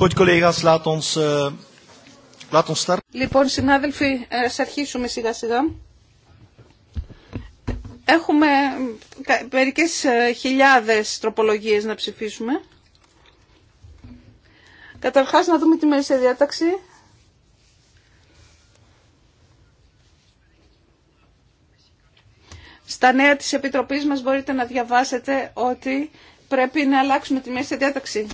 Eh, λοιπόν, συνάδελφοι, ε, ας αρχίσουμε σιγά σιγά. Έχουμε μερικές ε, χιλιάδες τροπολογίες να ψηφίσουμε. Καταρχάς να δούμε τη μέση διάταξη. Στα νέα της Επιτροπής μας μπορείτε να διαβάσετε ότι πρέπει να αλλάξουμε τη μέση διάταξη.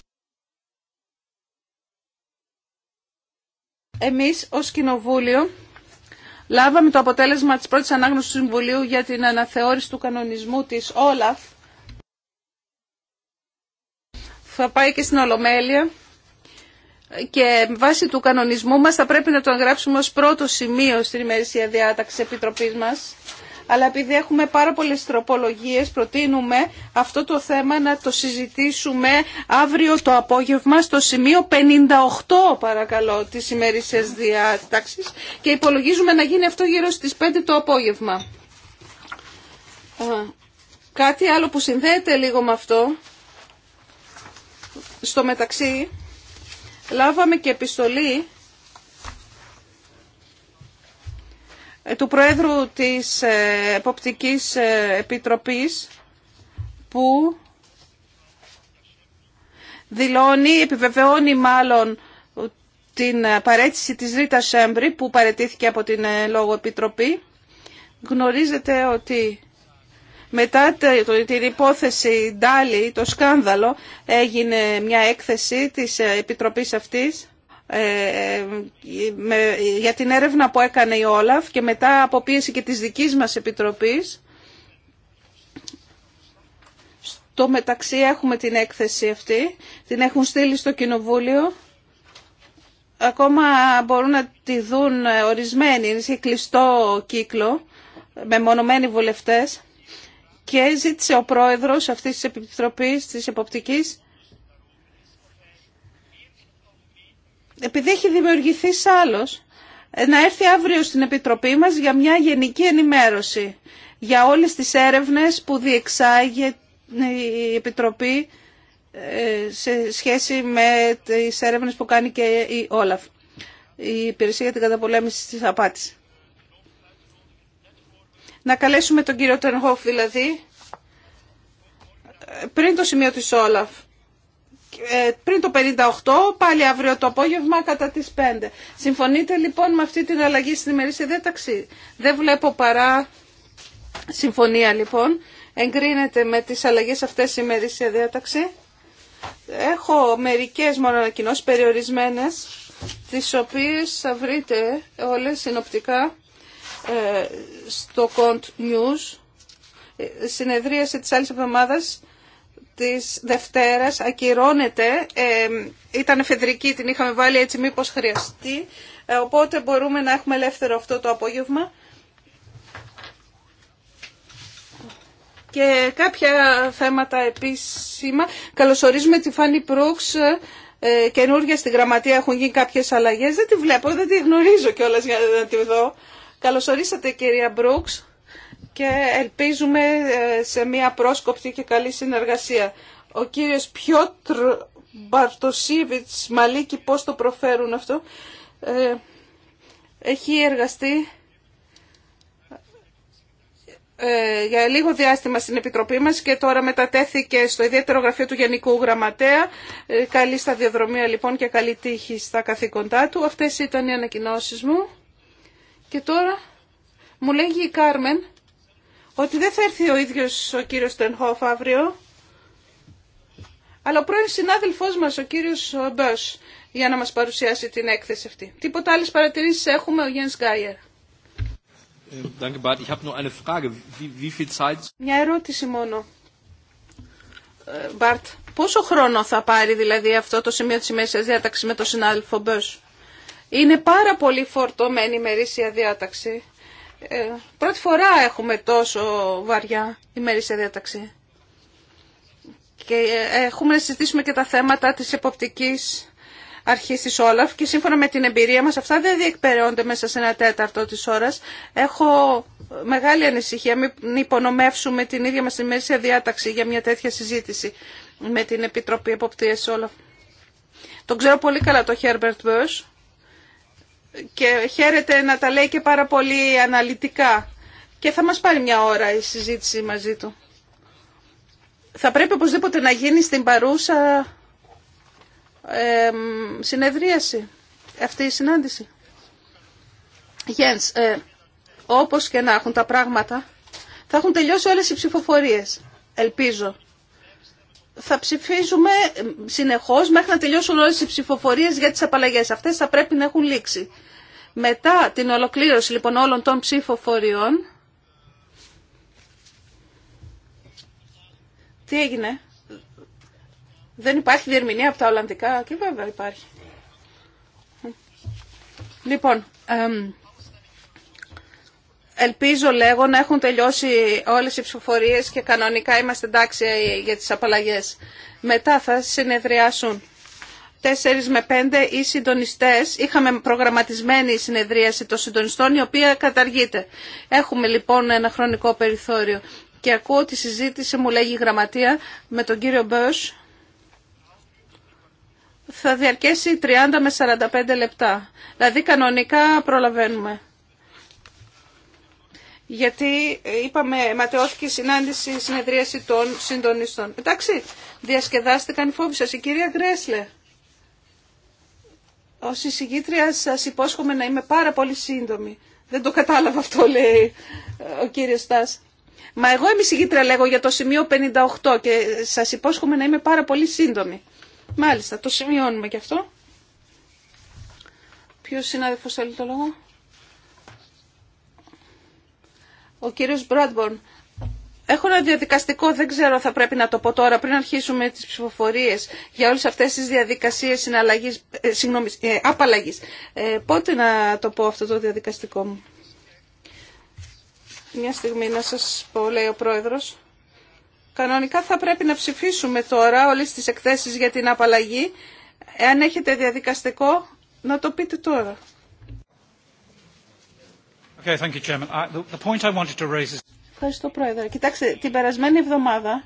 εμείς ως Κοινοβούλιο λάβαμε το αποτέλεσμα της πρώτης ανάγνωσης του Συμβουλίου για την αναθεώρηση του κανονισμού της Όλαφ. Θα πάει και στην Ολομέλεια και βάσει του κανονισμού μας θα πρέπει να το εγγράψουμε ως πρώτο σημείο στην ημερήσια διάταξη της Επιτροπής μας αλλά επειδή έχουμε πάρα πολλές τροπολογίες προτείνουμε αυτό το θέμα να το συζητήσουμε αύριο το απόγευμα στο σημείο 58 παρακαλώ της ημερήσιας διάταξης και υπολογίζουμε να γίνει αυτό γύρω στις 5 το απόγευμα. Κάτι άλλο που συνδέεται λίγο με αυτό, στο μεταξύ λάβαμε και επιστολή Ε, του Προέδρου της ε, Εποπτικής ε, Επιτροπής που δηλώνει, επιβεβαιώνει μάλλον την παρέτηση της Ρίτα Σέμπρη που παρετήθηκε από την Λόγο Επιτροπή. Γνωρίζετε ότι μετά την υπόθεση Ντάλι, το σκάνδαλο, έγινε μια έκθεση της Επιτροπής αυτής ε, για την έρευνα που έκανε η Όλαφ και μετά από πίεση και της δικής μας Επιτροπής. Στο μεταξύ έχουμε την έκθεση αυτή, την έχουν στείλει στο Κοινοβούλιο. Ακόμα μπορούν να τη δουν ε, ορισμένοι, είναι σε κλειστό κύκλο, με μονομένοι βουλευτές. Και ζήτησε ο πρόεδρος αυτής της Επιτροπής της Εποπτικής επειδή έχει δημιουργηθεί σάλος, ε, να έρθει αύριο στην Επιτροπή μας για μια γενική ενημέρωση για όλες τις έρευνες που διεξάγει η Επιτροπή ε, σε σχέση με τις έρευνες που κάνει και η Όλαφ, η Υπηρεσία για την Καταπολέμηση της Απάτης. Να καλέσουμε τον κύριο Τενχόφ δηλαδή, ε, πριν το σημείο της Όλαφ, ε, πριν το 58, πάλι αύριο το απόγευμα κατά τις 5. Συμφωνείτε λοιπόν με αυτή την αλλαγή στην ημερήσια διάταξη. Δεν βλέπω παρά συμφωνία λοιπόν. Εγκρίνεται με τις αλλαγές αυτές η ημερήσια διάταξη. Έχω μερικές μόνο ανακοινώσεις περιορισμένες, τις οποίες θα βρείτε όλες συνοπτικά ε, στο Cont News, ε, συνεδρίαση της άλλης εβδομάδας της Δευτέρας ακυρώνεται. Ε, ήταν εφεδρική, την είχαμε βάλει έτσι μήπως χρειαστεί. Ε, οπότε μπορούμε να έχουμε ελεύθερο αυτό το απόγευμα. Και κάποια θέματα επίσημα. Καλωσορίζουμε τη Φάνη Προύξ. Ε, καινούργια στη γραμματεία έχουν γίνει κάποιες αλλαγές. Δεν τη βλέπω, δεν τη γνωρίζω κιόλας για να τη δω. Καλωσορίσατε κυρία Μπρούξ και ελπίζουμε ε, σε μια πρόσκοπτη και καλή συνεργασία. Ο κύριος Πιότρ Μπαρτοσίβιτς Μαλίκη, πώς το προφέρουν αυτό, ε, έχει εργαστεί ε, για λίγο διάστημα στην Επιτροπή μας και τώρα μετατέθηκε στο ιδιαίτερο γραφείο του Γενικού Γραμματέα. Καλή σταδιοδρομία λοιπόν και καλή τύχη στα καθήκοντά του. Αυτές ήταν οι ανακοινώσεις μου. Και τώρα μου λέγει η Κάρμεν ότι δεν θα έρθει ο ίδιος ο κύριος Στενχόφ αύριο, αλλά ο πρώην συνάδελφός μας, ο κύριος Μπέος, για να μας παρουσιάσει την έκθεση αυτή. Τίποτα άλλες παρατηρήσεις έχουμε, ο Γιάννης Γκάιερ. Μια ερώτηση μόνο. Μπάρτ, ε, πόσο χρόνο θα πάρει δηλαδή αυτό το σημείο της ημέρησιας διάταξης με τον συνάδελφο Μπέος. Είναι πάρα πολύ φορτωμένη η ημερήσια διάταξη. Ε, πρώτη φορά έχουμε τόσο βαριά ημερήσια διάταξη. Και ε, έχουμε να συζητήσουμε και τα θέματα της εποπτικής αρχής της Όλαφ και σύμφωνα με την εμπειρία μας αυτά δεν διεκπαιρεώνται μέσα σε ένα τέταρτο της ώρας. Έχω μεγάλη ανησυχία μην υπονομεύσουμε την ίδια μας ημερήσια διάταξη για μια τέτοια συζήτηση με την Επιτροπή Εποπτείας Όλαφ. Τον ξέρω πολύ καλά το Herbert και χαίρεται να τα λέει και πάρα πολύ αναλυτικά. Και θα μας πάρει μια ώρα η συζήτηση μαζί του. Θα πρέπει οπωσδήποτε να γίνει στην παρούσα ε, συνεδρίαση αυτή η συνάντηση. Γένς, ε, όπως και να έχουν τα πράγματα, θα έχουν τελειώσει όλες οι ψηφοφορίες, ελπίζω θα ψηφίζουμε ε, συνεχώς μέχρι να τελειώσουν όλες οι ψηφοφορίες για τις απαλλαγές. Αυτές θα πρέπει να έχουν λήξει. Μετά την ολοκλήρωση λοιπόν όλων των ψηφοφοριών, τι έγινε, δεν υπάρχει διερμηνία από τα Ολλανδικά και βέβαια υπάρχει. Λοιπόν, εμ, Ελπίζω λέγω να έχουν τελειώσει όλες οι ψηφοφορίες και κανονικά είμαστε εντάξει για τις απαλλαγές. Μετά θα συνεδριάσουν 4 με 5 οι συντονιστές. Είχαμε προγραμματισμένη συνεδρίαση των συντονιστών η οποία καταργείται. Έχουμε λοιπόν ένα χρονικό περιθώριο. Και ακούω τη συζήτηση, μου λέγει η γραμματεία, με τον κύριο Μπέος. Θα διαρκέσει 30 με 45 λεπτά. Δηλαδή κανονικά προλαβαίνουμε γιατί ε, είπαμε ματαιώθηκε η συνάντηση, η συνεδρίαση των συντονιστών. Εντάξει, διασκεδάστηκαν οι φόβοι σας. Η κυρία Γκρέσλε, ως εισηγήτρια σας υπόσχομαι να είμαι πάρα πολύ σύντομη. Δεν το κατάλαβα αυτό, λέει ε, ο κύριος Στάς. Μα εγώ είμαι εισηγήτρια, λέγω, για το σημείο 58 και σας υπόσχομαι να είμαι πάρα πολύ σύντομη. Μάλιστα, το σημειώνουμε και αυτό. Ποιος συνάδελφος θέλει το λόγο. Ο κύριος Μπράντμπορν. Έχω ένα διαδικαστικό, δεν ξέρω θα πρέπει να το πω τώρα, πριν αρχίσουμε τις ψηφοφορίες για όλες αυτές τις διαδικασίες συναλλαγής, ε, ε απαλλαγής. Ε, πότε να το πω αυτό το διαδικαστικό μου. Μια στιγμή να σας πω, λέει ο Πρόεδρος. Κανονικά θα πρέπει να ψηφίσουμε τώρα όλες τις εκθέσεις για την απαλλαγή. Εάν έχετε διαδικαστικό, να το πείτε τώρα. Ευχαριστώ, Πρόεδρε. Κοιτάξτε, την περασμένη εβδομάδα,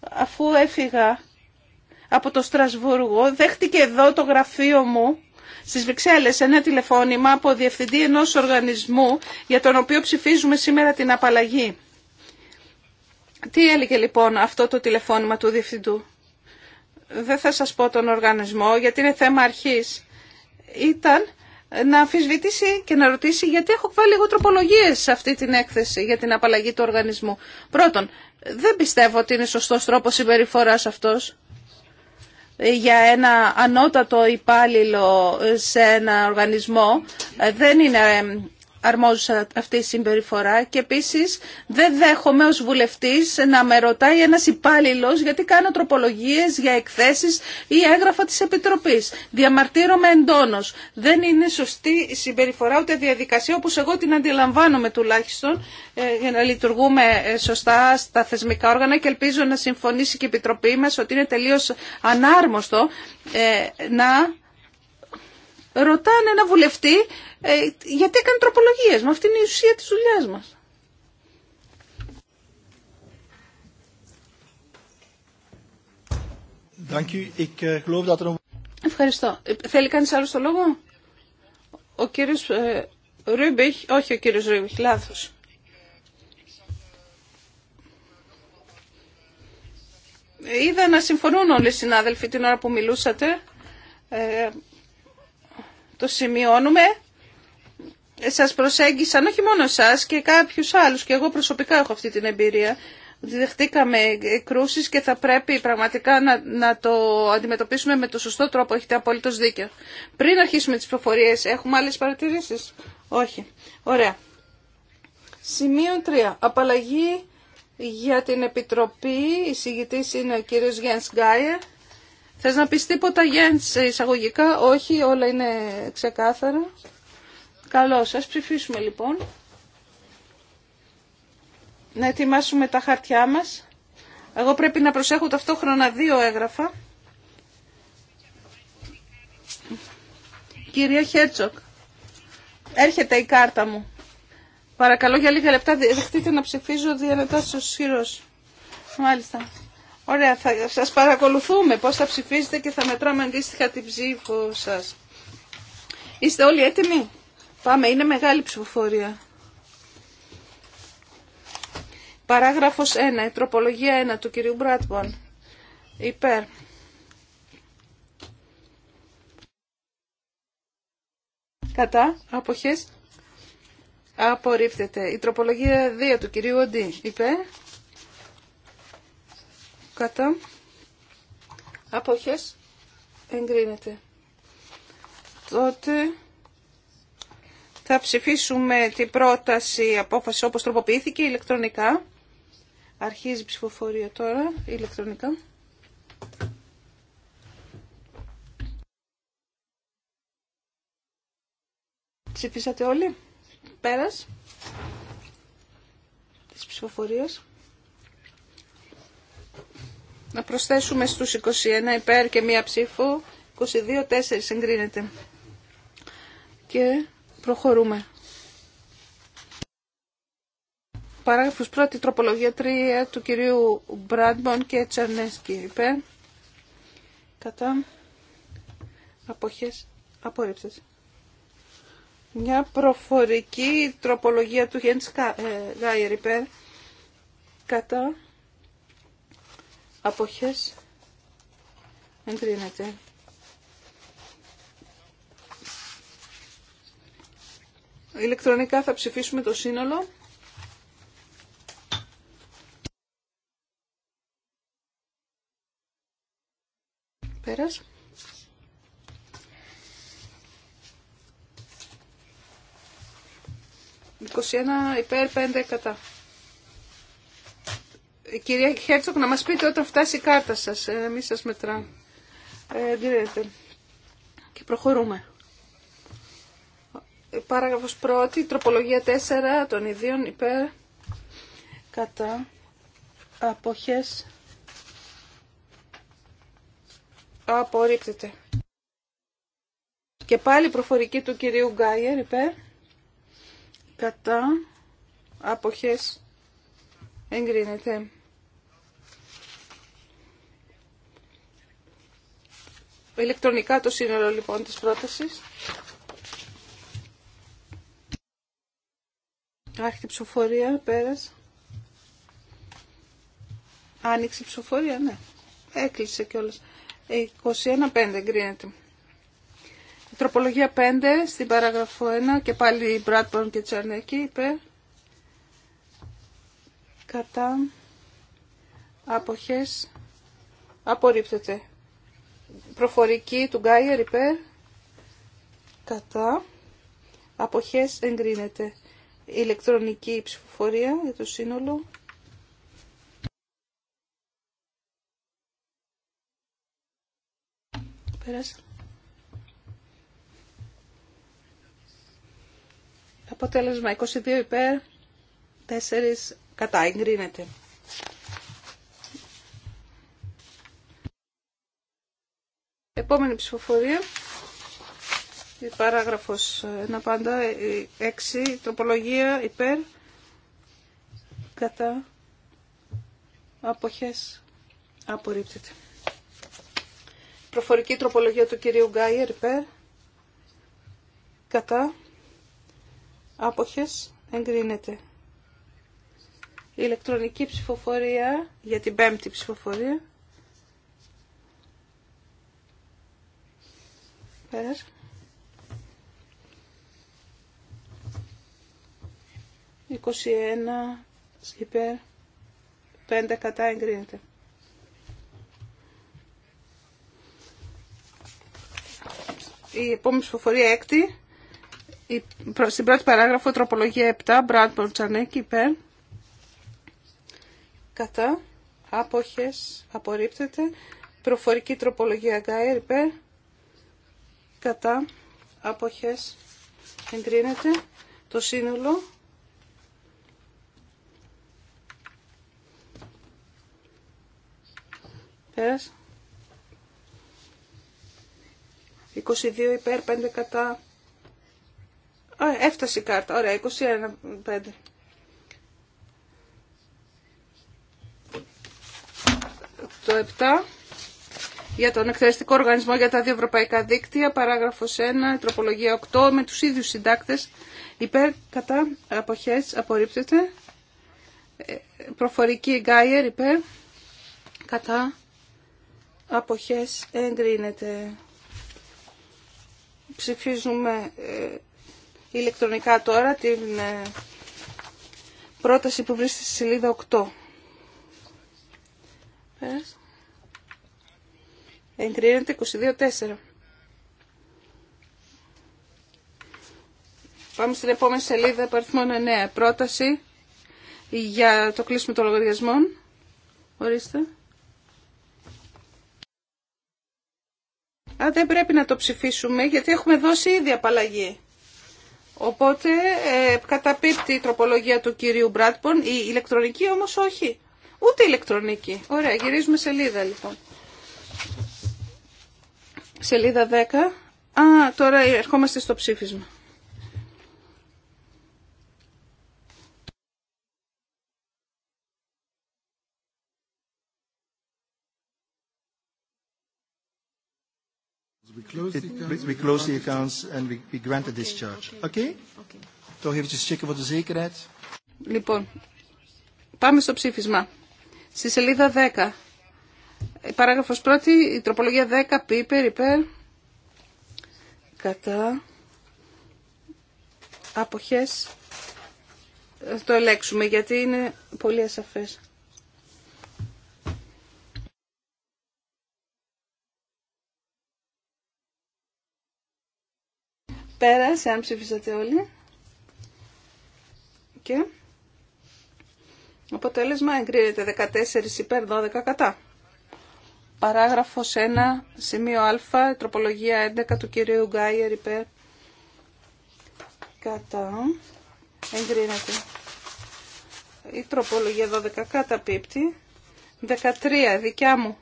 αφού έφυγα από το Στρασβούργο, δέχτηκε εδώ το γραφείο μου στις Βρυξέλλες ένα τηλεφώνημα από διευθυντή ενός οργανισμού για τον οποίο ψηφίζουμε σήμερα την απαλλαγή. Τι έλεγε λοιπόν αυτό το τηλεφώνημα του διευθυντού. Δεν θα σας πω τον οργανισμό γιατί είναι θέμα αρχής. Ήταν να αμφισβητήσει και να ρωτήσει γιατί έχω βάλει εγώ τροπολογίε σε αυτή την έκθεση για την απαλλαγή του οργανισμού. Πρώτον, δεν πιστεύω ότι είναι σωστό τρόπο συμπεριφορά αυτό ε, για ένα ανώτατο υπάλληλο ε, σε ένα οργανισμό. Ε, δεν είναι αρμόζουσα αυτή η συμπεριφορά και επίσης δεν δέχομαι ως βουλευτής να με ρωτάει ένας υπάλληλο γιατί κάνω τροπολογίες για εκθέσεις ή έγγραφα της Επιτροπής. Διαμαρτύρομαι εντόνως. Δεν είναι σωστή η συμπεριφορά ούτε διαδικασία όπως εγώ την αντιλαμβάνομαι τουλάχιστον ε, για να λειτουργούμε ε, σωστά στα θεσμικά όργανα και ελπίζω να συμφωνήσει και η Επιτροπή μας ότι είναι τελείως ανάρμοστο ε, να ρωτάνε ένα βουλευτή ε, γιατί έκανε τροπολογίες. Μα αυτή είναι η ουσία της δουλειά μας. Eh, er Ευχαριστώ. Ε, θέλει κανείς άλλο το λόγο? Ο κύριος ε, Ρούμπιχ, όχι ο κύριος Ρούμπιχ, λάθος. Είδα να συμφωνούν όλοι οι συνάδελφοι την ώρα που μιλούσατε. Ε, το σημειώνουμε. Σας προσέγγισαν όχι μόνο σας και κάποιους άλλους και εγώ προσωπικά έχω αυτή την εμπειρία δεχτήκαμε κρούσεις και θα πρέπει πραγματικά να, να το αντιμετωπίσουμε με το σωστό τρόπο. Έχετε απολύτως δίκιο. Πριν αρχίσουμε τις προφορίες, έχουμε άλλες παρατηρήσεις. Όχι. Ωραία. Σημείο 3. Απαλλαγή για την Επιτροπή. Η είναι ο κύριος Γιάνς Γκάιερ. Θες να πεις τίποτα Γιάννη εισαγωγικά, όχι, όλα είναι ξεκάθαρα. Καλώ ας ψηφίσουμε λοιπόν. Να ετοιμάσουμε τα χαρτιά μας. Εγώ πρέπει να προσέχω ταυτόχρονα δύο έγγραφα. Κυρία Χέρτσοκ, έρχεται η κάρτα μου. Παρακαλώ για λίγα λεπτά δεχτείτε να ψηφίζω διανατάσεις στους χειρός. Μάλιστα. Ωραία, θα σας παρακολουθούμε πώς θα ψηφίζετε και θα μετράμε αντίστοιχα την ψήφο σας. Είστε όλοι έτοιμοι. Πάμε, είναι μεγάλη ψηφοφορία. Παράγραφος 1, η τροπολογία 1 του κυρίου Μπράτμπον. Υπέρ. Κατά, αποχές. Απορρίφτεται. Η τροπολογία 2 του κυρίου Οντί. Υπέρ κατά αποχές εγκρίνεται. Τότε θα ψηφίσουμε την πρόταση απόφαση όπως τροποποιήθηκε ηλεκτρονικά. Αρχίζει η ψηφοφορία τώρα ηλεκτρονικά. Ψηφίσατε όλοι. Πέρας της ψηφοφορίας. Να προσθέσουμε στους 21 υπέρ και μία ψήφο. 22-4 συγκρίνεται. Και προχωρούμε. Παράγραφος πρώτη τροπολογία 3 του κυρίου μπραντμον και Τσαρνέσκι υπέρ. Κατά. Αποχές. Απόρριψες. Μια προφορική τροπολογία του Γέντς ε, γαιερ υπέρ. Κατά αποχές εγκρίνεται. Ηλεκτρονικά θα ψηφίσουμε το σύνολο. 21 υπέρ 5 κατά. Κυρία Χέρτσοκ, να μας πείτε όταν φτάσει η κάρτα σας. Ε, μη σας μετράμε. Ε, και προχωρούμε. Παράγραφος πρώτη, τροπολογία 4 των ιδίων υπέρ κατά αποχές απορρίπτεται. Και πάλι προφορική του κυρίου Γκάιερ υπέρ κατά αποχές εγκρίνεται. Ηλεκτρονικά το σύνολο λοιπόν της πρότασης. Άρχιτε ψηφοφορία, πέρας. Άνοιξε ψηφοφορία, ναι. Έκλεισε κιόλας. 21-5 εγκρίνεται. τροπολογία 5 στην παράγραφο 1 και πάλι η Bradburn και Τσαρνέκη είπε κατά αποχές απορρίπτεται. Προφορική του Γκάιερ υπέρ. Κατά. Αποχές εγκρίνεται. Ηλεκτρονική ψηφοφορία για το σύνολο. Πέρασα. Αποτέλεσμα 22 υπέρ, 4 κατά εγκρίνεται. Επόμενη ψηφοφορία. Η παράγραφος 1 πάντα, 6, τροπολογία υπέρ, κατά, αποχές, απορρίπτεται. Προφορική τροπολογία του κυρίου Γκάιερ υπέρ, κατά, άποχες, εγκρίνεται. ηλεκτρονική ψηφοφορία για την πέμπτη ψηφοφορία. Πέρας. Είκοσι ένα υπέρ. Πέντε κατά εγκρίνεται. Η επόμενη ψηφοφορία έκτη. Στην πρώτη παράγραφο τροπολογία 7. Μπραντ Τσανέκη υπέρ. Κατά. Άποχες. Απορρίπτεται. Προφορική τροπολογία Γκάιρ υπέρ κατά αποχές εγκρίνεται το σύνολο πέρας 22 υπέρ 5 κατά εφταση έφτασε η κάρτα. Ωραία, 21, 5. Το 7 για τον εκτελεστικό οργανισμό για τα δύο ευρωπαϊκά δίκτυα, παράγραφος 1, τροπολογία 8, με τους ίδιους συντάκτες, υπέρ, κατά, αποχές, απορρίπτεται, ε, προφορική γκάιερ, υπέρ, κατά, αποχές, εγκρίνεται. Ψηφίζουμε ε, ηλεκτρονικά τώρα την ε, πρόταση που βρίσκεται στη σελίδα 8. Πέρασε. Εγκρίνεται 22-4. Πάμε στην επόμενη σελίδα παριθμόν 9. Πρόταση για το κλείσιμο των λογαριασμών. Ορίστε. Α, δεν πρέπει να το ψηφίσουμε γιατί έχουμε δώσει ήδη απαλλαγή. Οπότε ε, καταπίπτει η τροπολογία του κυρίου Μπράτπον, η ηλεκτρονική όμως όχι. Ούτε ηλεκτρονική. Ωραία, γυρίζουμε σελίδα λοιπόν. Σελίδα 10. Α, τώρα ερχόμαστε στο ψήφισμα. We close the accounts and we grant the discharge. Okay? Toch eventjes check voor de zekerheid. Λοιπόν, πάμε στο ψήφισμα. Στη σελίδα 10. Παράγραφος πρώτη, η τροπολογία 10, πίπερ, υπέρ, κατά, αποχές, θα το ελέξουμε γιατί είναι πολύ ασαφές. Πέρασε, αν ψηφίσατε όλοι. Και αποτέλεσμα εγκρίνεται 14 υπέρ 12 κατά. Παράγραφος 1, σημείο α, τροπολογία 11 του κυρίου Γκάιερ υπέρ. Κατά. Εγκρίνεται. Η τροπολογία 12 καταπίπτει. 13, δικιά μου.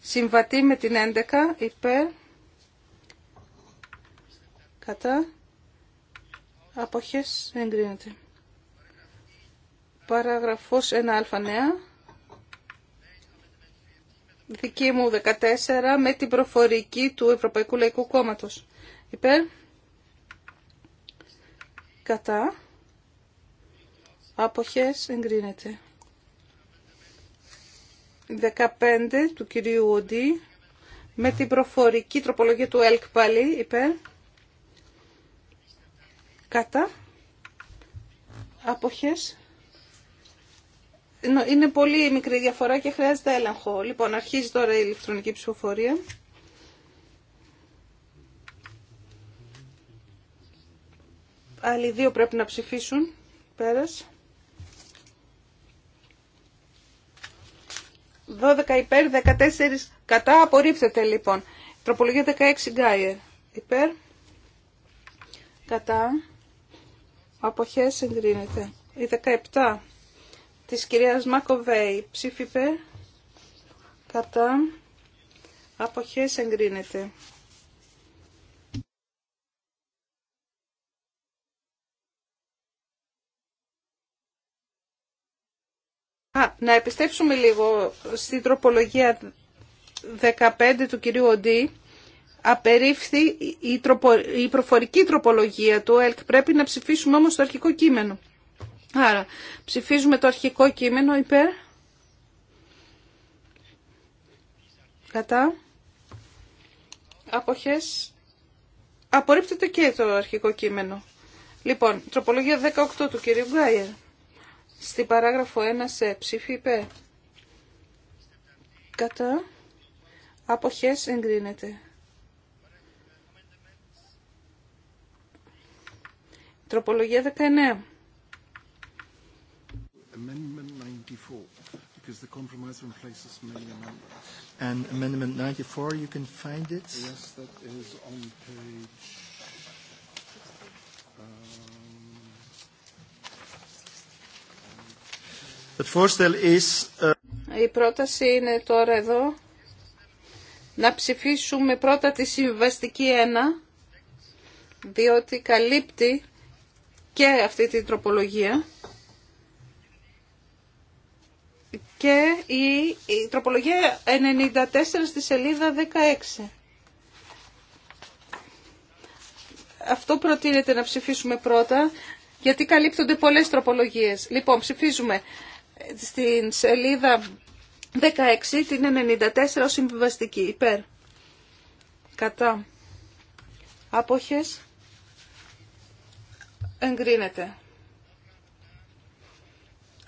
Συμβατή με την 11 υπέρ. Κατά. Αποχές εγκρίνεται. Παράγραφος 1α νέα δική μου 14 με την προφορική του Ευρωπαϊκού Λαϊκού Κόμματος. Υπέρ. Κατά. Άποχες εγκρίνεται. 15 του κυρίου Οντή με την προφορική τροπολογία του ΕΛΚ πάλι υπέρ. Κατά. Άποχες είναι πολύ μικρή διαφορά και χρειάζεται έλεγχο. Λοιπόν, αρχίζει τώρα η ηλεκτρονική ψηφοφορία. Άλλοι δύο πρέπει να ψηφίσουν. Πέρας. 12 υπέρ, 14 κατά. Απορρίπτεται λοιπόν. Τροπολογία 16 Γκάιερ. Υπέρ. Κατά. Αποχές συγκρίνεται. Η 17 της κυρίας Μακοβέη. Ψήφιπε Κατά. Αποχές εγκρίνεται. Α, να επιστρέψουμε λίγο στην τροπολογία 15 του κυρίου Οντή. Απερίφθη η, προφορική τροπολογία του ΕΛΚ. Πρέπει να ψηφίσουμε όμως το αρχικό κείμενο. Άρα ψηφίζουμε το αρχικό κείμενο υπέρ. Κατά. Αποχές. Απορρίπτεται και το αρχικό κείμενο. Λοιπόν, τροπολογία 18 του κυρίου Γκάιερ. Στην παράγραφο 1 σε ψήφι υπέρ. Κατά. Αποχές εγκρίνεται. Τροπολογία 19. because the compromise replaces many amendments. And Amendment 94, you can find it? Yes, that is on page... first is, Η πρόταση είναι τώρα εδώ να ψηφίσουμε πρώτα τη συμβαστική 1 διότι καλύπτει και αυτή την τροπολογία. και η, τροπολογία 94 στη σελίδα 16. Αυτό προτείνεται να ψηφίσουμε πρώτα, γιατί καλύπτονται πολλές τροπολογίες. Λοιπόν, ψηφίζουμε στην σελίδα 16 την 94 ως συμβιβαστική. Υπέρ. Κατά. Άποχες. Εγκρίνεται.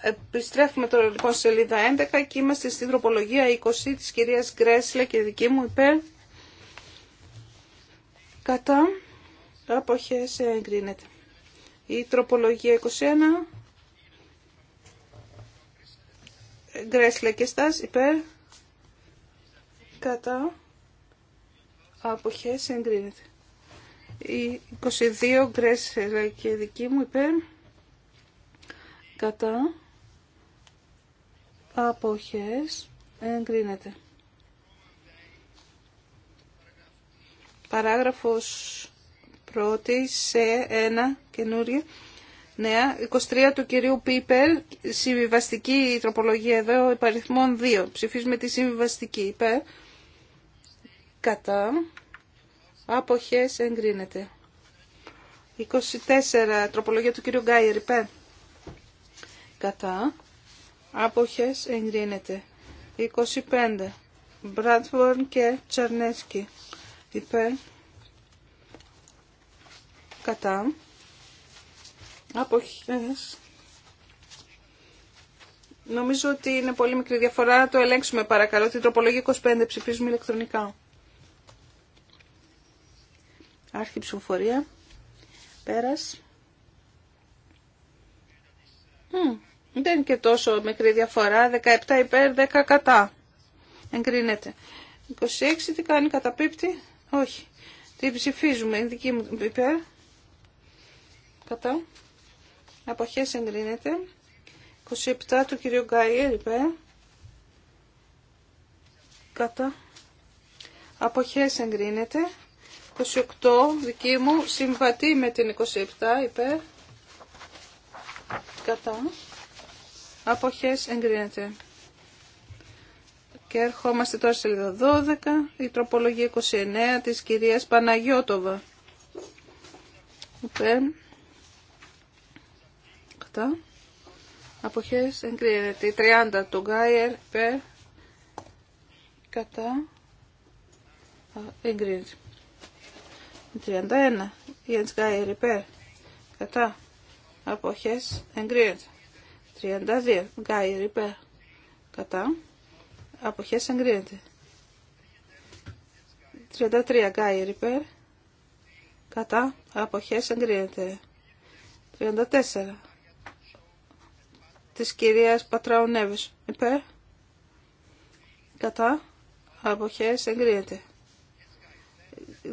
Επιστρέφουμε τώρα λοιπόν σε σελίδα 11 και είμαστε στην τροπολογία 20 της κυρίας Γκρέσλε και δική μου υπέρ. Κατά αποχές εγκρίνεται. Η τροπολογία 21 Γκρέσλε και Στάς υπέρ. Κατά αποχές εγκρίνεται. Η 22 Γκρέσλε και δική μου υπέρ. Κατά αποχές εγκρίνεται. Παράγραφος πρώτη σε ένα καινούριο. Νέα, 23 του κυρίου Πίπερ, συμβιβαστική τροπολογία εδώ, υπαριθμών 2. Ψηφίζουμε τη συμβιβαστική υπέρ. Κατά. Αποχές εγκρίνεται. 24, τροπολογία του κυρίου Γκάιερ υπέρ. Κατά. Άποχες εγκρίνεται. 25. Μπράτβορν και Τσαρνέσκι. Υπέρ. Κατά. Άποχες. Νομίζω ότι είναι πολύ μικρή διαφορά. Να το ελέγξουμε παρακαλώ. Την τροπολογία 25 ψηφίζουμε ηλεκτρονικά. Άρχη ψηφοφορία. Πέρας. Mm. Δεν είναι και τόσο μικρή διαφορά. 17 υπέρ, 10 κατά. Εγκρίνεται. 26 τι κάνει, κατά πίπτη. Όχι. Τι ψηφίζουμε. Είναι δική μου υπέρ. Κατά. Αποχές εγκρίνεται. 27 του κυρίου Γκάιερ υπέρ. Κατά. Αποχές εγκρίνεται. 28 δική μου συμβατή με την 27 υπέρ. Κατά αποχές εγκρίνεται. Και ερχόμαστε τώρα στη σελίδα 12, η τροπολογία 29 της κυρίας Παναγιώτοβα. Οπέ, Κατά. Αποχές εγκρίνεται. Η 30 του Γκάιερ. πέ, Κατά. Εγκρίνεται. Η 31. Γιάννης Γκάιερ. Υπέρ. Κατά. Αποχές εγκρίνεται. 32. Γκάιερ υπέρ. Κατά. απόχέ εγκρίνεται. 33. Γκάιερ υπέρ. Κατά. απόχέ εγκρίνεται. 34. τη κυρία Πατράου Νέβης. Υπέρ. Κατά. απόχέ εγκρίνεται.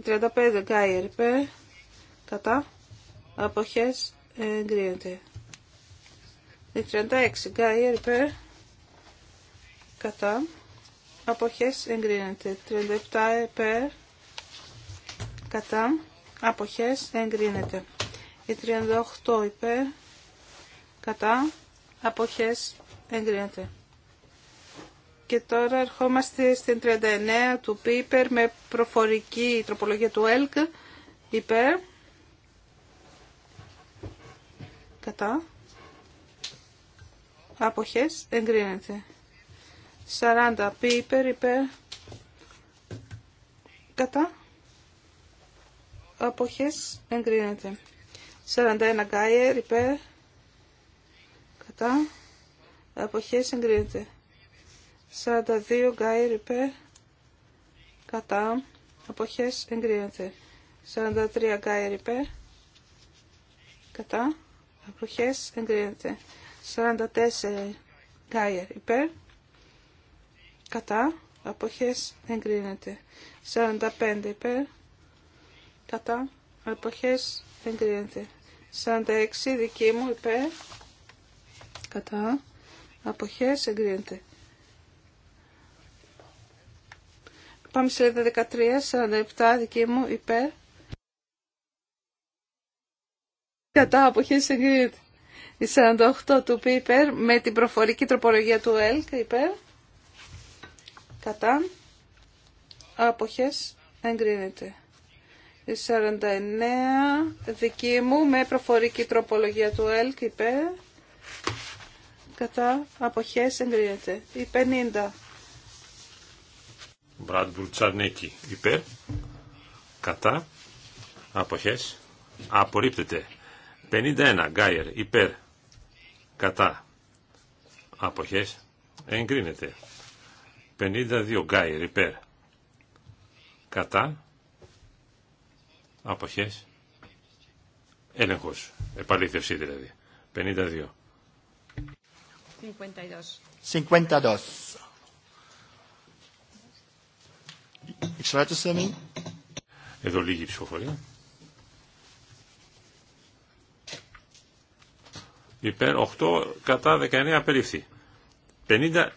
35. Γκάιερ υπέρ. Κατά. Αποχέ εγκρίνεται. Η 36 Γκάιερ υπέρ κατά αποχές εγκρίνεται 37 υπέρ κατά αποχές εγκρίνεται η 38 υπέρ κατά αποχές εγκρίνεται και τώρα ερχόμαστε στην 39 του Πίπερ με προφορική τροπολογία του ΕΛΚ υπέρ κατά Άποχες. Εγκρίνεται. 40 πι υπέρ. Κατά. Άποχες. Εγκρίνεται. 41 γκάιερ υπέρ. Κατά. Άποχες. Εγκρίνεται. 42 γκάιερ υπέρ. Κατά. Αποχές εγκρίνεται. 43 γκάιερ υπέρ. Κατά. Αποχές εγκρίνεται. 44 Γκάιερ υπέρ. Κατά. Αποχές εγκρίνεται. 45 υπέρ. Κατά. Αποχές εγκρίνεται. 46 δική μου υπέρ. Κατά. Αποχές εγκρίνεται. Πάμε σε 13, 47 δική μου υπέρ. Κατά. Αποχές εγκρίνεται. Η 48 του ΠΥΠΕΡ με την προφορική τροπολογία του ΕΛΚ υπέρ. Κατά. Αποχές εγκρίνεται. Η 49 δική μου με προφορική τροπολογία του ΕΛΚ υπέρ. Κατά. Αποχές εγκρίνεται. Η 50. Μπραντ Τσαρνέκη υπέρ. Κατά. Αποχές. Απορρίπτεται. 51. Γκάιερ υπέρ κατά αποχές εγκρίνεται 52 γκάι ριπέρ κατά αποχές έλεγχος επαλήθευση δηλαδή 52 52 52 εδώ λίγη ψηφοφορία υπέρ 8 κατά 19 απερίφθη. 53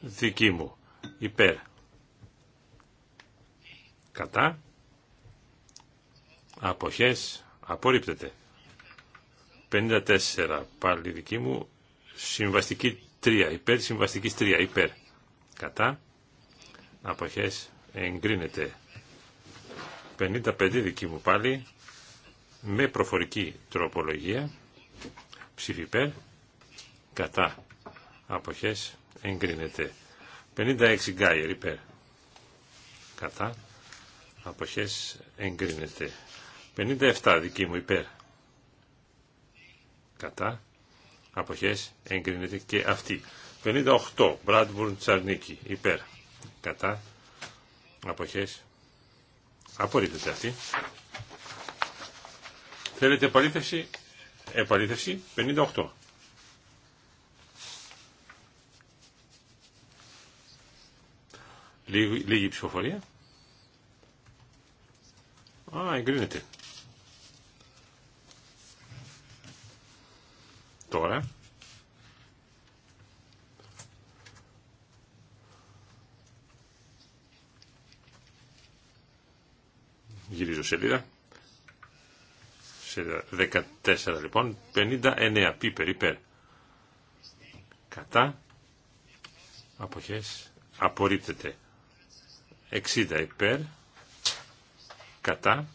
δική μου υπέρ κατά αποχές απορρίπτεται. 54 πάλι δική μου συμβαστική 3 υπέρ συμβαστικής 3 υπέρ κατά αποχές εγκρίνεται. 55 δική μου πάλι με προφορική τροπολογία ψήφι κατά, αποχές, εγκρίνεται. 56 γκάιερ υπέρ, κατά, αποχές, εγκρίνεται. 57 δική μου υπέρ, κατά, αποχές, εγκρίνεται και αυτή. 58 Μπράντμπουρν Τσαρνίκη υπέρ, κατά, αποχές, απορρίπτεται αυτή. Θέλετε παρήθευση επαλήθευση 58. Λίγη, λίγη ψηφοφορία. Α, εγκρίνεται. Τώρα. Γυρίζω σελίδα σε 14 λοιπόν, 59 πίπερ υπέρ. Κατά αποχές απορρίπτεται 60 υπέρ. Κατά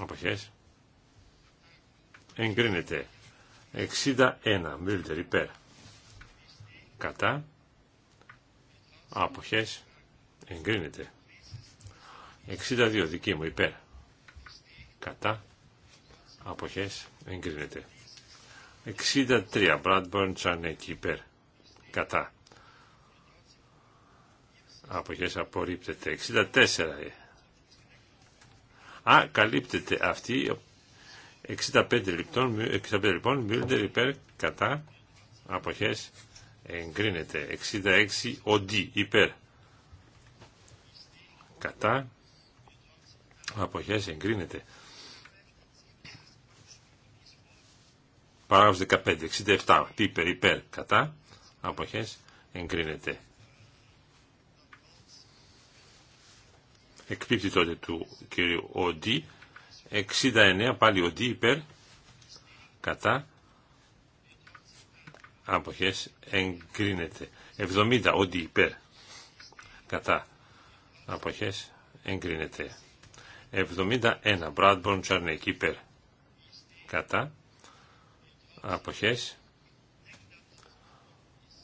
αποχές εγκρίνεται 61 μίλτερ υπέρ. Κατά αποχές εγκρίνεται 62 δική μου υπέρ κατά Αποχές εγκρίνεται. 63. Bradburn Chan υπέρ. Κατά. Αποχές απορρίπτεται. 64. Α, καλύπτεται αυτή. 65 λοιπόν, 65 λοιπόν, Μιλντερ υπέρ, κατά, αποχές, εγκρίνεται. 66, οντί, υπέρ, κατά, αποχές, εγκρίνεται. Παράγραφος 15. 67. Πίπερ υπέρ κατά. Αποχές εγκρίνεται. Εκπίπτει τότε του κύριου Όντι. 69 πάλι Όντι υπέρ κατά. Αποχές εγκρίνεται. 70 Όντι υπέρ κατά. Αποχές εγκρίνεται. 71 Bradburn Czarnek υπέρ κατά αποχές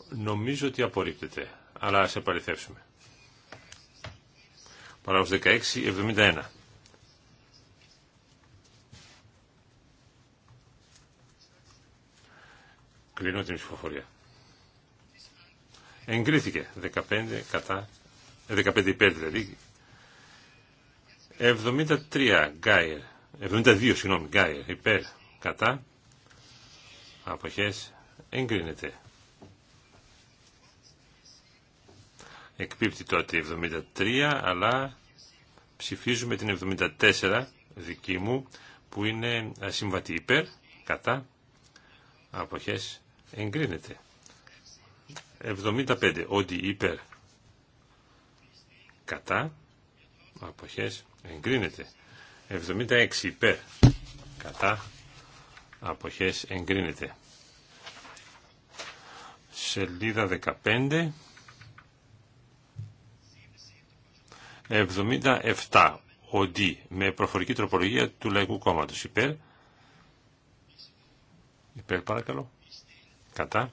νομίζω ότι απορρίπτεται αλλά ας επαληθεύσουμε παράγος 16 71 Κλείνω την ψηφοφορία. Εγκρίθηκε 15, κατά, 15 ε, υπέρ δηλαδή. 73 Γκάιερ, 72 συγγνώμη Γκάιερ υπέρ κατά αποχές εγκρίνεται. Εκπίπτει τότε 73, αλλά ψηφίζουμε την 74 δική μου, που είναι ασύμβατη υπέρ, κατά, αποχές εγκρίνεται. 75, ότι υπέρ, κατά, αποχές εγκρίνεται. 76 υπέρ, κατά, αποχές εγκρίνεται. Σελίδα 15, 77, οντί, με προφορική τροπολογία του Λαϊκού Κόμματος, υπέρ, υπέρ παρακαλώ, κατά,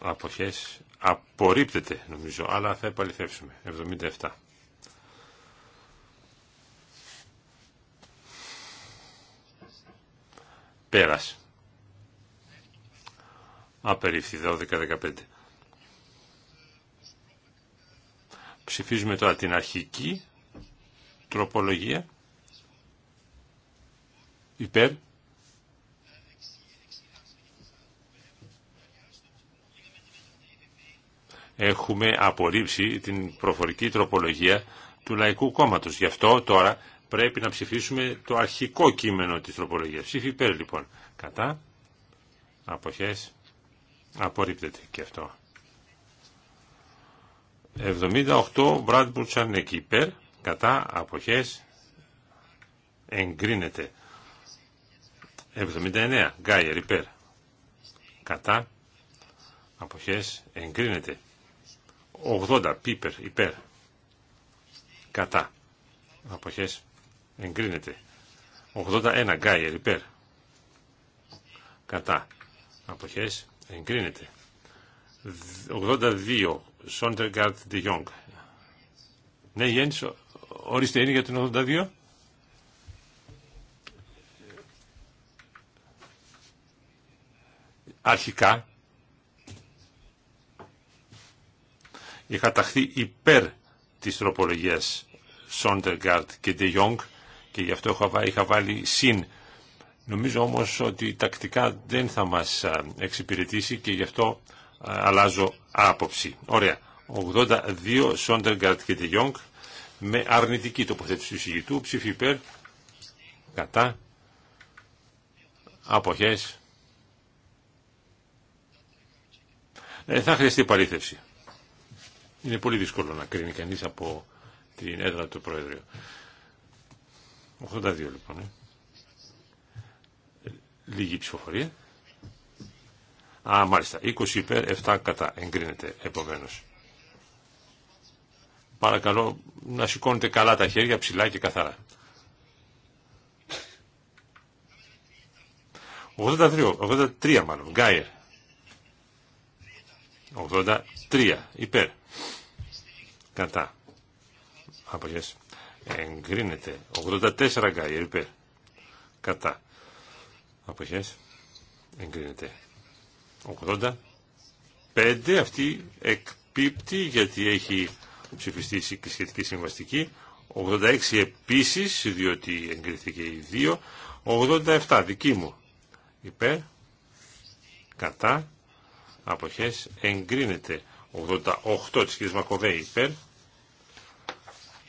αποχές απορρίπτεται νομίζω, αλλά θα επαληθεύσουμε, 77. Πέρας. Απερίφθη 12-15. Ψηφίζουμε τώρα την αρχική τροπολογία. Υπέρ. Έχουμε απορρίψει την προφορική τροπολογία του Λαϊκού Κόμματος. Γι' αυτό τώρα πρέπει να ψηφίσουμε το αρχικό κείμενο της τροπολογίας. Ψήφι υπέρ λοιπόν. Κατά. Αποχές. Απορρίπτεται και αυτό. 78 Μπράντμπουρ εκεί υπέρ. Κατά. Αποχές. Εγκρίνεται. 79 Γκάιερ υπέρ. Κατά. Αποχές. Εγκρίνεται. 80 Πίπερ υπέρ. Κατά. Αποχές Εγκρίνεται. 81 Γκάιερ υπέρ. Κατά. αποχέ. Εγκρίνεται. 82 Σόντεργαρτ Ντε Ναι Γέννη, ορίστε είναι για την 82. Αρχικά είχα ταχθεί υπέρ της τροπολογίας Σόντεργαρτ και Ντε Γιόγκ και γι' αυτό είχα βάλει συν. Νομίζω όμως ότι τακτικά δεν θα μας εξυπηρετήσει και γι' αυτό αλλάζω άποψη. Ωραία. 82 Σόντεργαρτ και με αρνητική τοποθέτηση του συγητού Ψήφι υπέρ. Κατά. Αποχές. Ε, θα χρειαστεί παρήθευση. Είναι πολύ δύσκολο να κρίνει κανείς από την έδρα του προέδρου. 82 λοιπόν. Ε. Λίγη ψηφοφορία. Α, μάλιστα. 20 υπέρ, 7 κατά. Εγκρίνεται επομένω. Παρακαλώ να σηκώνετε καλά τα χέρια, ψηλά και καθαρά. 83, 83 μάλλον, Γκάιερ. 83 υπέρ. Κατά. Αποχές εγκρίνεται 84 γκάι. υπέρ κατά αποχές εγκρίνεται 85 αυτή εκπίπτει γιατί έχει ψηφιστεί η σχετική συμβαστική 86 επίση, διότι εγκρίθηκε η 2. 87 δική μου υπέρ κατά αποχές εγκρίνεται 88 της κ. Μακοβέη υπέρ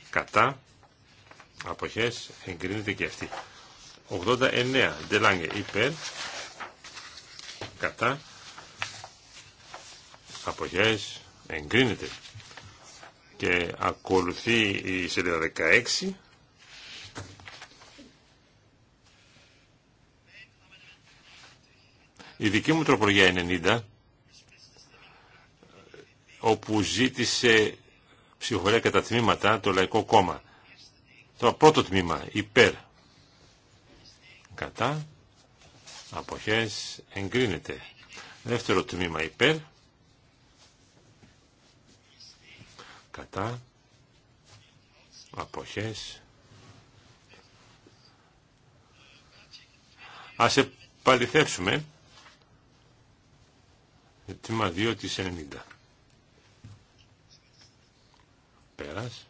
κατά αποχές εγκρίνεται και αυτή 89 ντελάνγκε υπέρ κατά αποχές εγκρίνεται και ακολουθεί η σελίδα 16 Η δική μου τροπολογία 90, όπου ζήτησε ψηφοφορία κατά τμήματα το Λαϊκό Κόμμα. Το πρώτο τμήμα υπέρ κατά αποχές εγκρίνεται. Δεύτερο τμήμα υπέρ κατά αποχές Ας επαληθεύσουμε τμήμα 2 της 90. Πέρας.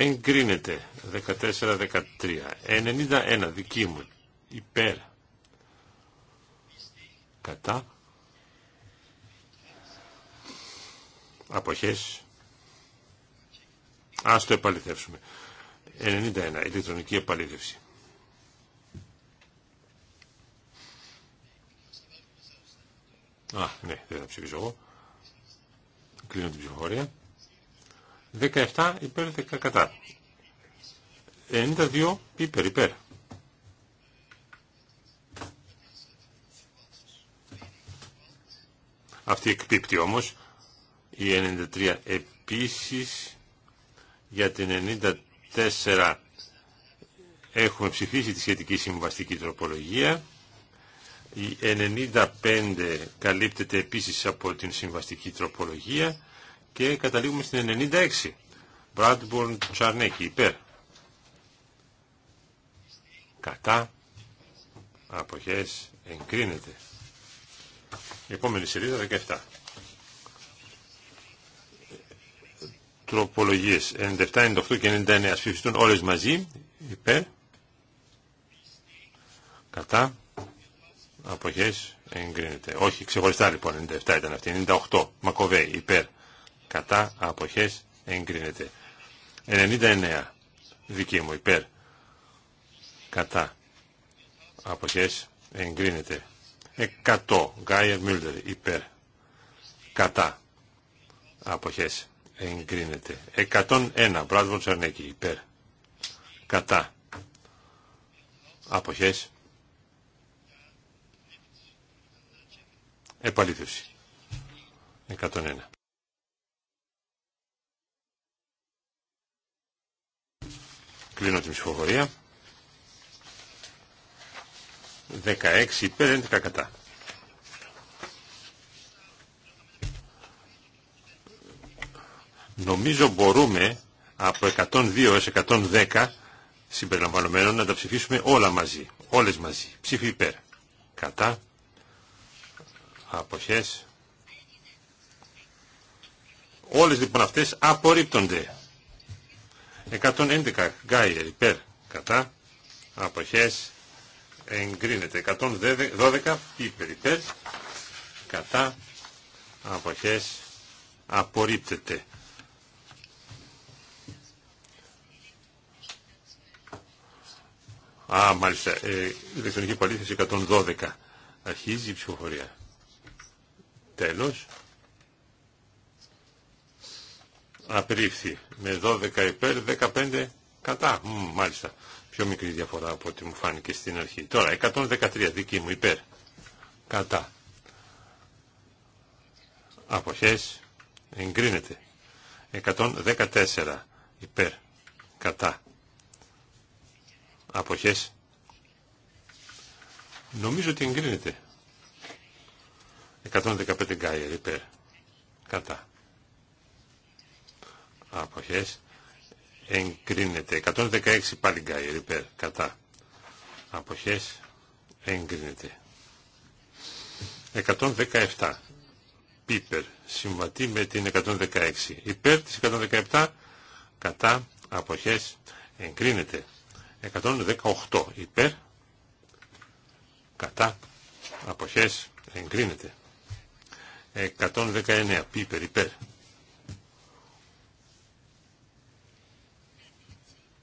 εγκρίνεται 14-13 91 δική μου υπέρ κατά αποχές ας το επαληθεύσουμε 91 ηλεκτρονική επαλήθευση Α, ναι, δεν θα ψηφίσω εγώ. Κλείνω την ψηφοφορία. 17 υπέρ 10 κατά. 92 υπέρ υπέρ. Αυτή εκπίπτει όμως. Η 93 επίσης. Για την 94 έχουμε ψηφίσει τη σχετική συμβαστική τροπολογία. Η 95 καλύπτεται επίσης από την συμβαστική τροπολογία και καταλήγουμε στην 96. Bradburn Τσαρνέκη υπέρ. Κατά αποχές εγκρίνεται. Η επόμενη σελίδα 17. Τροπολογίες 97, 98 και 99 ας ψηφιστούν όλες μαζί υπέρ. Κατά αποχές εγκρίνεται. Όχι ξεχωριστά λοιπόν 97 ήταν αυτή. 98 Μακοβέ υπέρ κατά αποχές εγκρίνεται. 99 δική μου υπέρ κατά αποχές εγκρίνεται. 100 Γκάιερ Μίλτερ υπέρ κατά αποχές εγκρίνεται. 101 Μπράτβον Τσαρνέκη υπέρ κατά αποχές επαλήθευση. 101. Κλείνω την ψηφοφορία. 16 υπέρ 11 κατά. Νομίζω μπορούμε από 102 έως 110 συμπεριλαμβανομένων να τα ψηφίσουμε όλα μαζί, όλες μαζί. Ψήφι υπέρ. Κατά. Αποχές. Όλες λοιπόν αυτές απορρίπτονται. 111 Γκάιερ υπέρ κατά αποχές εγκρίνεται 112 Πίπερ υπέρ κατά αποχές απορρίπτεται Α, μάλιστα, ε, ηλεκτρονική πολίτηση 112 αρχίζει η ψηφοφορία τέλος απερίφθη με 12 υπέρ 15 κατά μάλιστα πιο μικρή διαφορά από ό,τι μου φάνηκε στην αρχή τώρα 113 δική μου υπέρ κατά αποχές εγκρίνεται 114 υπέρ κατά αποχές νομίζω ότι εγκρίνεται 115 γκάιερ υπέρ κατά αποχές εγκρίνεται 116 πάλι γκάι υπέρ κατά αποχές εγκρίνεται 117 πίπερ συμβατή με την 116 υπέρ της 117 κατά αποχές εγκρίνεται 118 υπέρ κατά αποχές εγκρίνεται 119 πίπερ υπέρ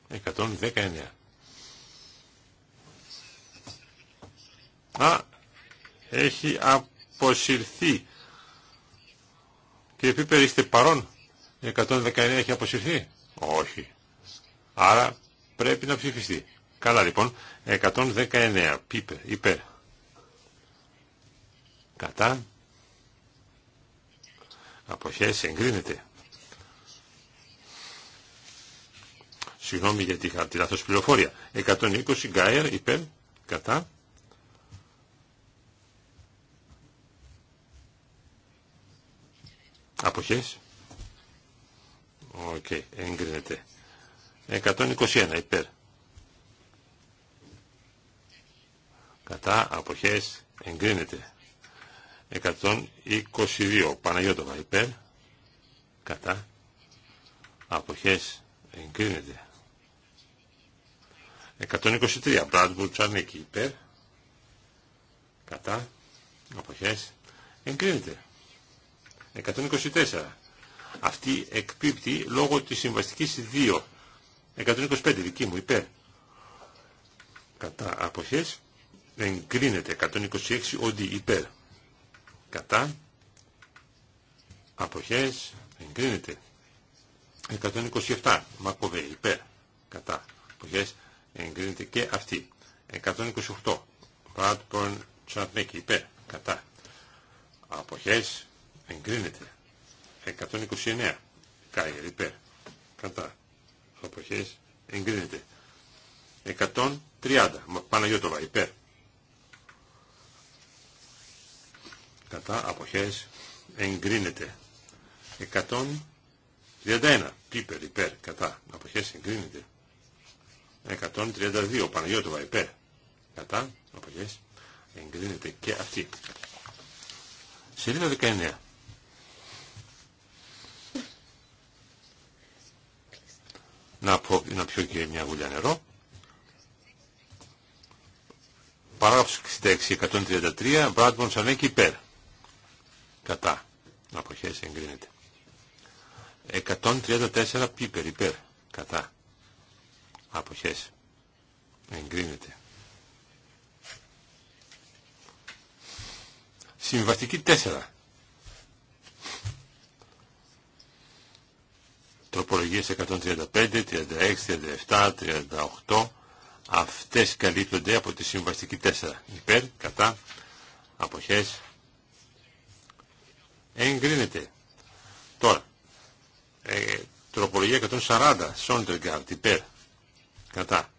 119. Α, έχει αποσυρθεί. και Πίπερ, είστε παρόν. 119 έχει αποσυρθεί. Όχι. Άρα πρέπει να ψηφιστεί. Καλά λοιπόν. 119. Πίπερ. Υπέρ. Κατά. Αποχές εγκρίνεται. Συγγνώμη γιατί είχα τη λάθος πληροφορία. 120 γκάιερ υπέρ κατά. Αποχές. Οκ, okay, εγκρίνεται. 121 υπέρ. Κατά αποχές εγκρίνεται. 122 Παναγιώτοβα υπέρ. Κατά αποχές εγκρίνεται. 123. Bradwood Τσανίκη υπέρ. Κατά. Αποχές. Εγκρίνεται. 124. Αυτή εκπίπτει λόγω της συμβαστικής 2. 125 δική μου υπέρ. Κατά αποχές. Εγκρίνεται. 126 όντι υπέρ. Κατά. Αποχές. Εγκρίνεται. 127 Μακοβέ υπέρ. Κατά αποχές εγκρίνεται και αυτή. 128. Μπράτμπορν Τσαρνέκη υπέρ. Κατά. Αποχές εγκρίνεται. 129. Κάιερ υπέρ. Κατά. Αποχές εγκρίνεται. 130. Παναγιώτοβα υπέρ. Κατά. Αποχές εγκρίνεται. 131. Πίπερ υπέρ. Κατά. Αποχές εγκρίνεται. 132. Παναγιώτοβα υπέρ. Κατά. αποχέεις; Εγκρίνεται και αυτή. Σελίδα 19. Να, πω, να πιω και μια γουλιά νερό. Παράγραφος 66, 133, Μπράτμον Σανέκη υπέρ. Κατά. Αποχές εγκρίνεται. 134, Πίπερ υπέρ. Κατά αποχές εγκρίνεται. Συμβαστική 4. Τροπολογίες 135, 36, 37, 38. Αυτές καλύπτονται από τη συμβαστική 4. Υπέρ, κατά, αποχές. Εγκρίνεται. Τώρα, ε, τροπολογία 140, Σόντεργαρτ, υπέρ, Κατά.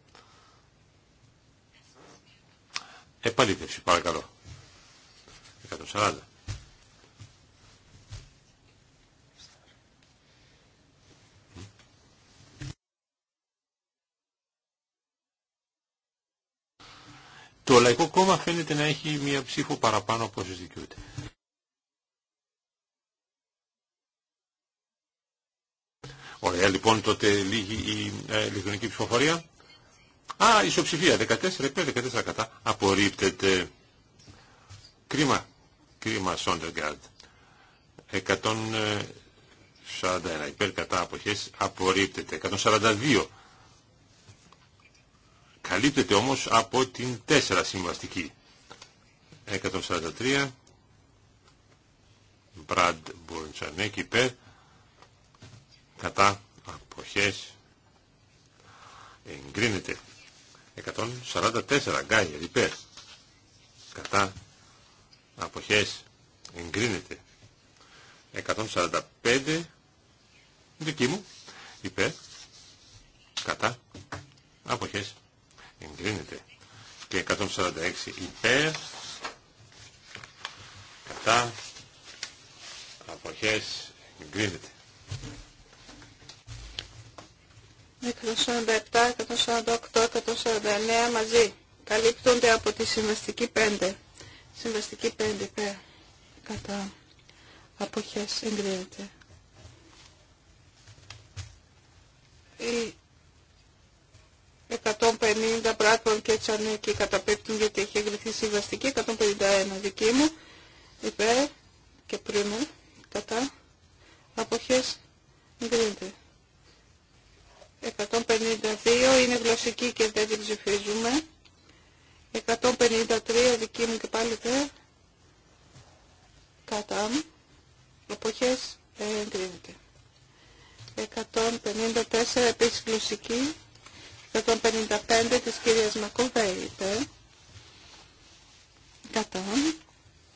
Επαλήθευση παρακαλώ. 140. Το Λαϊκό Κόμμα φαίνεται να έχει μία ψήφο παραπάνω από όσες δικαιούται. Ωραία, λοιπόν, τότε λίγη η ε, ηλεκτρονική ψηφοφορία. Α, ισοψηφία. 14 υπέρ, 14 κατά. Απορρίπτεται. Κρίμα. Κρίμα, Σόντεργαρντ. 141 υπέρ κατά αποχές. Απορρίπτεται. 142. Καλύπτεται όμως από την 4 συμβαστική. 143. Μπραντ Μπορντσανέκ υπέρ κατά αποχές εγκρίνεται 144 γκάιερ υπέρ κατά αποχές εγκρίνεται 145 δική μου υπέρ κατά αποχές εγκρίνεται και 146 υπέρ κατά αποχές εγκρίνεται 147, 148, 149 μαζί. Καλύπτονται από τη συμβαστική 5. Συμβαστική 5 υπέρ. Κατά αποχές εγκρίνεται. Οι 150 πράγματα και έτσι ανήκει καταπέπτουν γιατί έχει εγκριθεί συμβαστική. 151 δική μου. Υπέρ και πριν κατά αποχές εγκρίνεται. 152 είναι γλωσσική και δεν την ψηφίζουμε. 153 δική μου και πάλι δε. Κατά. Εποχές ε, εγκρίνεται. 154 επίσης γλωσσική. 155 της κυρίας Μακοβέη υπέρ. Κατά.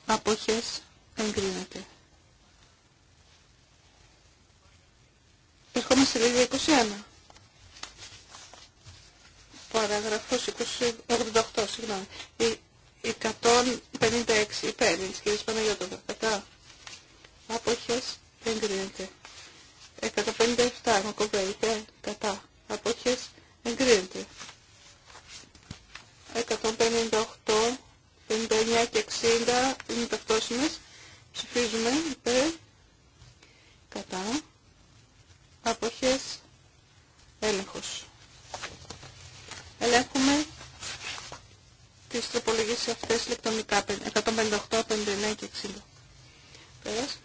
Αποχές εγκρίνεται. Ερχόμαστε στη 21. Παραγραφός 88, συγγνώμη. 156 υπέρ της Παναγιώτοδο, Παναγιώτοβα. Κατά αποχές εγκρίνεται. 157 Μακοβέ υπέρ. Κατά αποχές εγκρίνεται. 158, 59 και 60 είναι ταυτόσιμες. Ψηφίζουμε υπέρ. Κατά αποχές έλεγχος. Ελέγχουμε τις τροπολογίες αυτές ηλεκτρονικά 158, 59 και 60. Πέρας.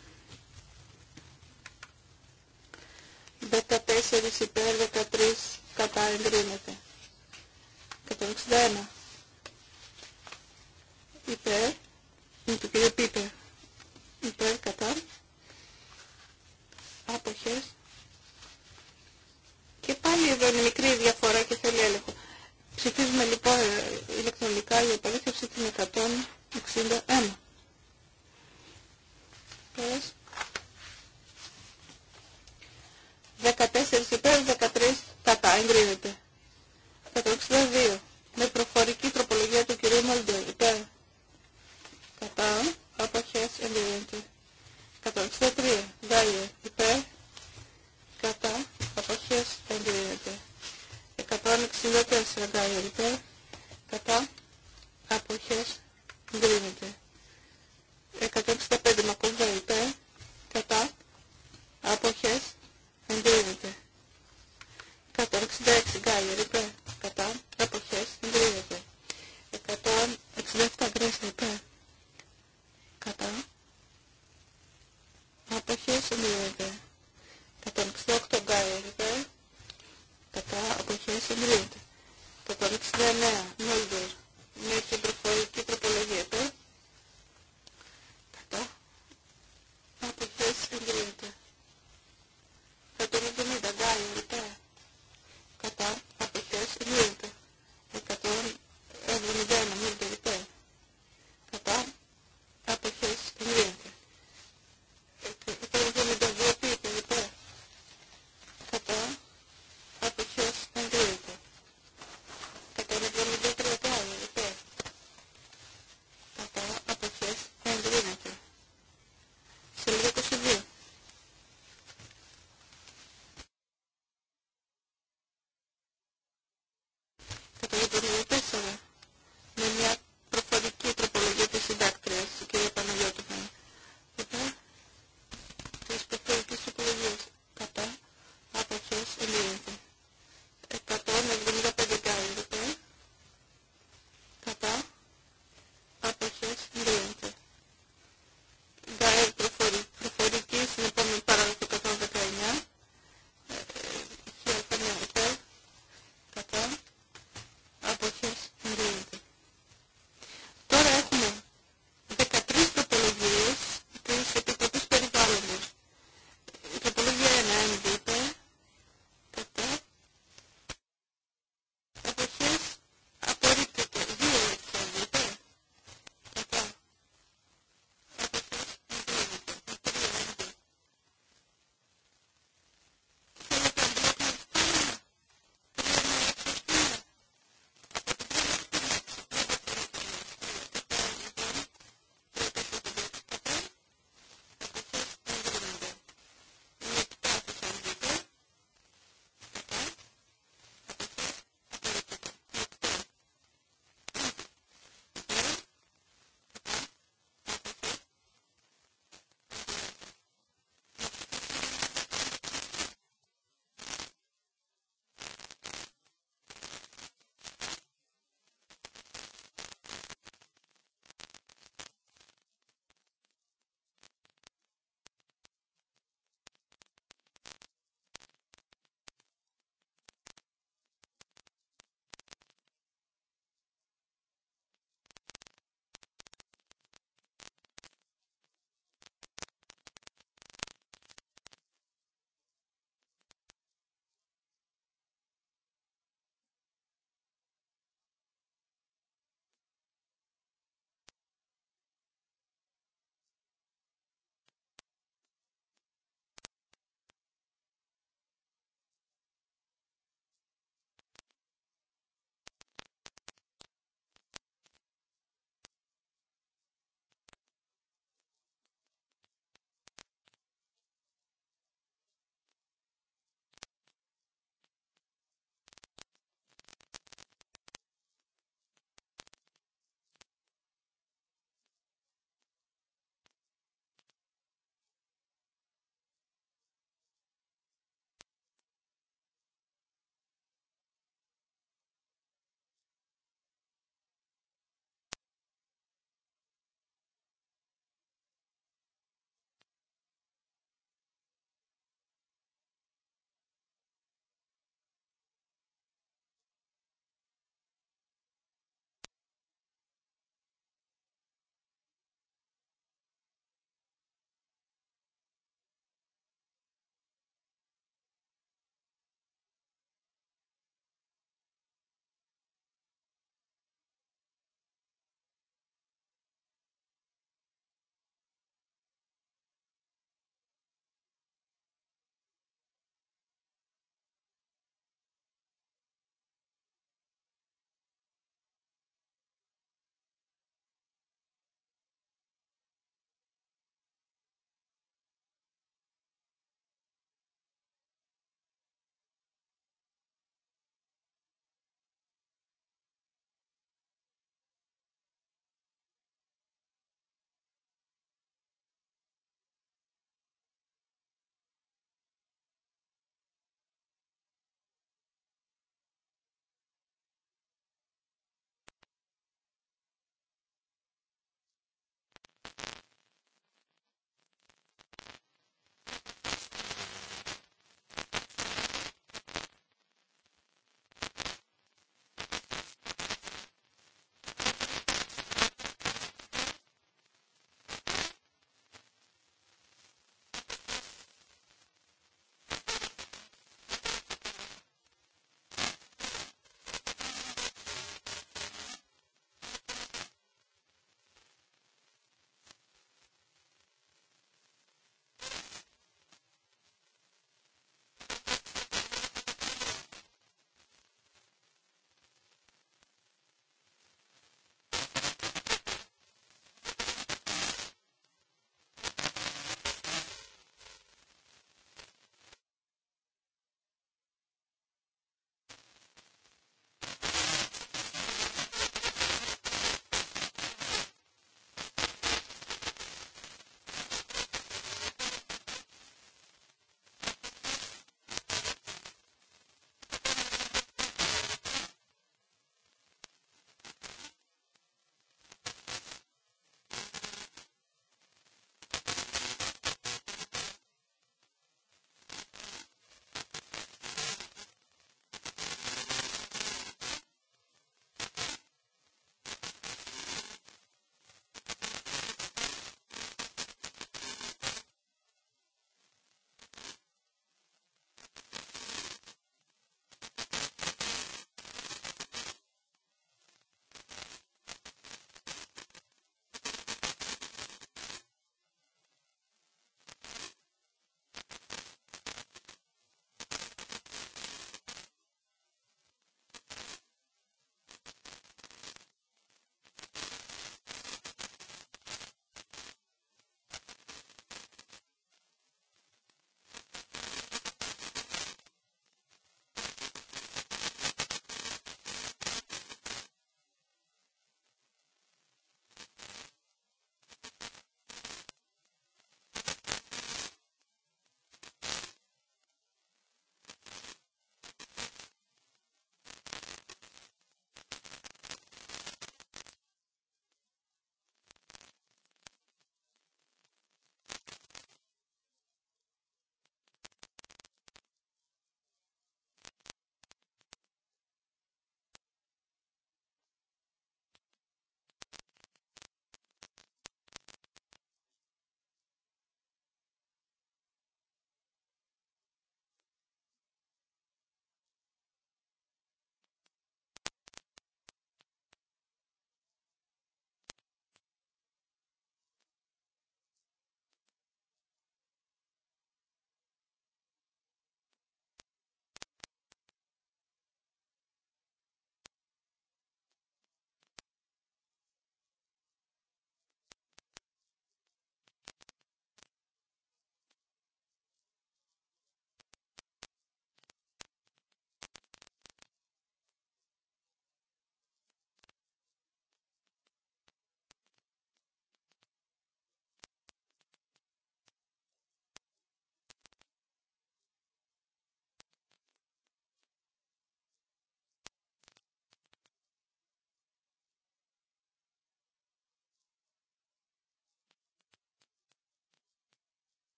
14 υπέρ, 13 κατά εγκρίνεται. 161 υπέρ, με το κύριο Πίπερ, υπέρ κατά, άποχες. Και πάλι εδώ είναι μικρή διαφορά και θέλει έλεγχο. Ψηφίζουμε λοιπόν ε, ηλεκτρονικά η επαλήθευση την 161. 14 υπέρ, 13 κατά, εγκρίνεται. 162. Με προφορική τροπολογία του κυρίου Μολντερ, υπέρ. Κατά, αποχές, εγκρίνεται. 163. Γκάιε, υπέρ. Κατά, αποχές, εγκρίνεται. 164 γκάιερ υπέρ, κατά, αποχές, γκρίνεται. 165 μακοβέ υπέρ, κατά, αποχές, εγκρίνεται. 166 γκάιερ υπέρ, κατά, αποχές, εγκρίνεται. 167 γκρέσλι υπέρ, κατά, αποχές, εγκρίνεται. 168 γκάιερ υπέρ, κατά αποχές εγκρίνεται. 169 Νόλβερ, με την προφορική τροπολογία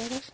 πέρας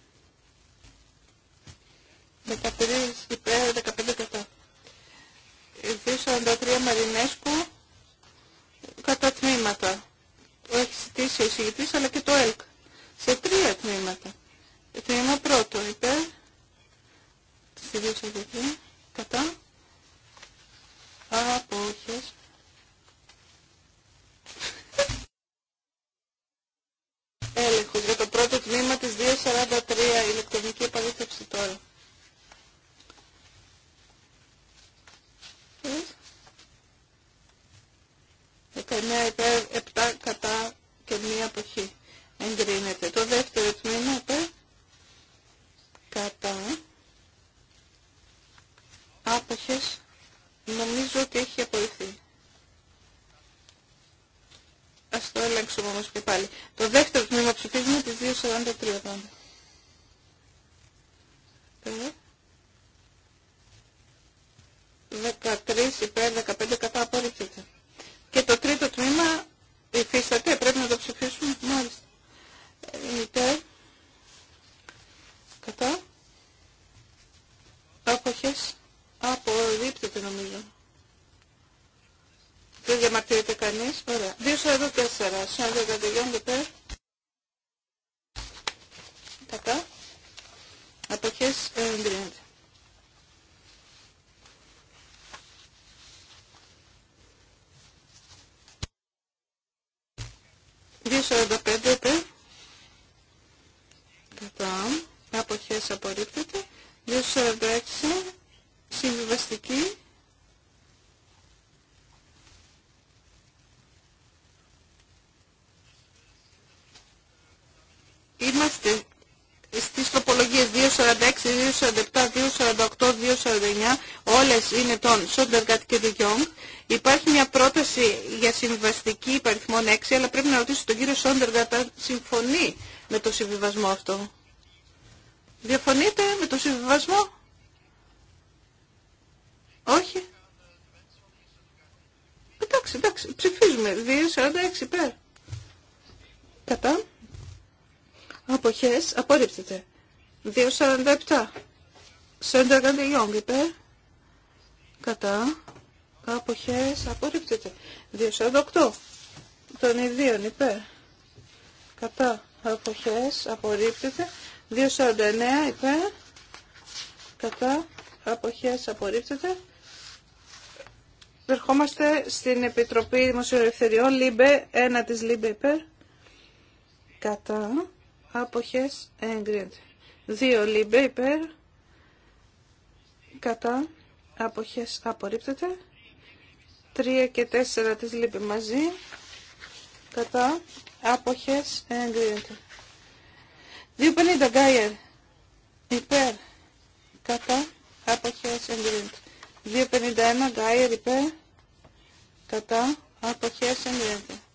Σόντεργατ και Γιόγκ. Υπάρχει μια πρόταση για συμβιβαστική υπαριθμών 6, αλλά πρέπει να ρωτήσω τον κύριο Σόντεργατ αν συμφωνεί με το συμβιβασμό αυτό. Διαφωνείτε με το συμβιβασμό? Όχι. Εντάξει, εντάξει, ψηφίζουμε. 2,46 υπέρ. Κατά. Αποχές, απορρίπτεται. 2,47. Σέντερ Γιόγκ υπέρ κατά αποχές απορρίπτεται 248 των ιδίων υπέρ κατά αποχές απορρίπτεται 249 υπέρ κατά αποχές απορρίπτεται Ερχόμαστε στην Επιτροπή Δημοσιοελευθεριών ΛΥΜΠΕ, ένα της ΛΥΜΠΕ υπέρ, κατά, άποχες, έγκρινεται. 2 ΛΥΜΠΕ υπέρ, κατά, αποχές απορρίπτεται 3 και 4 τις λείπει μαζί κατά αποχές εγκρίνεται 2.50 Γκάιερ υπέρ κατά αποχές εγκρίνεται 2.51 Γκάιερ υπέρ κατά αποχές εγκρίνεται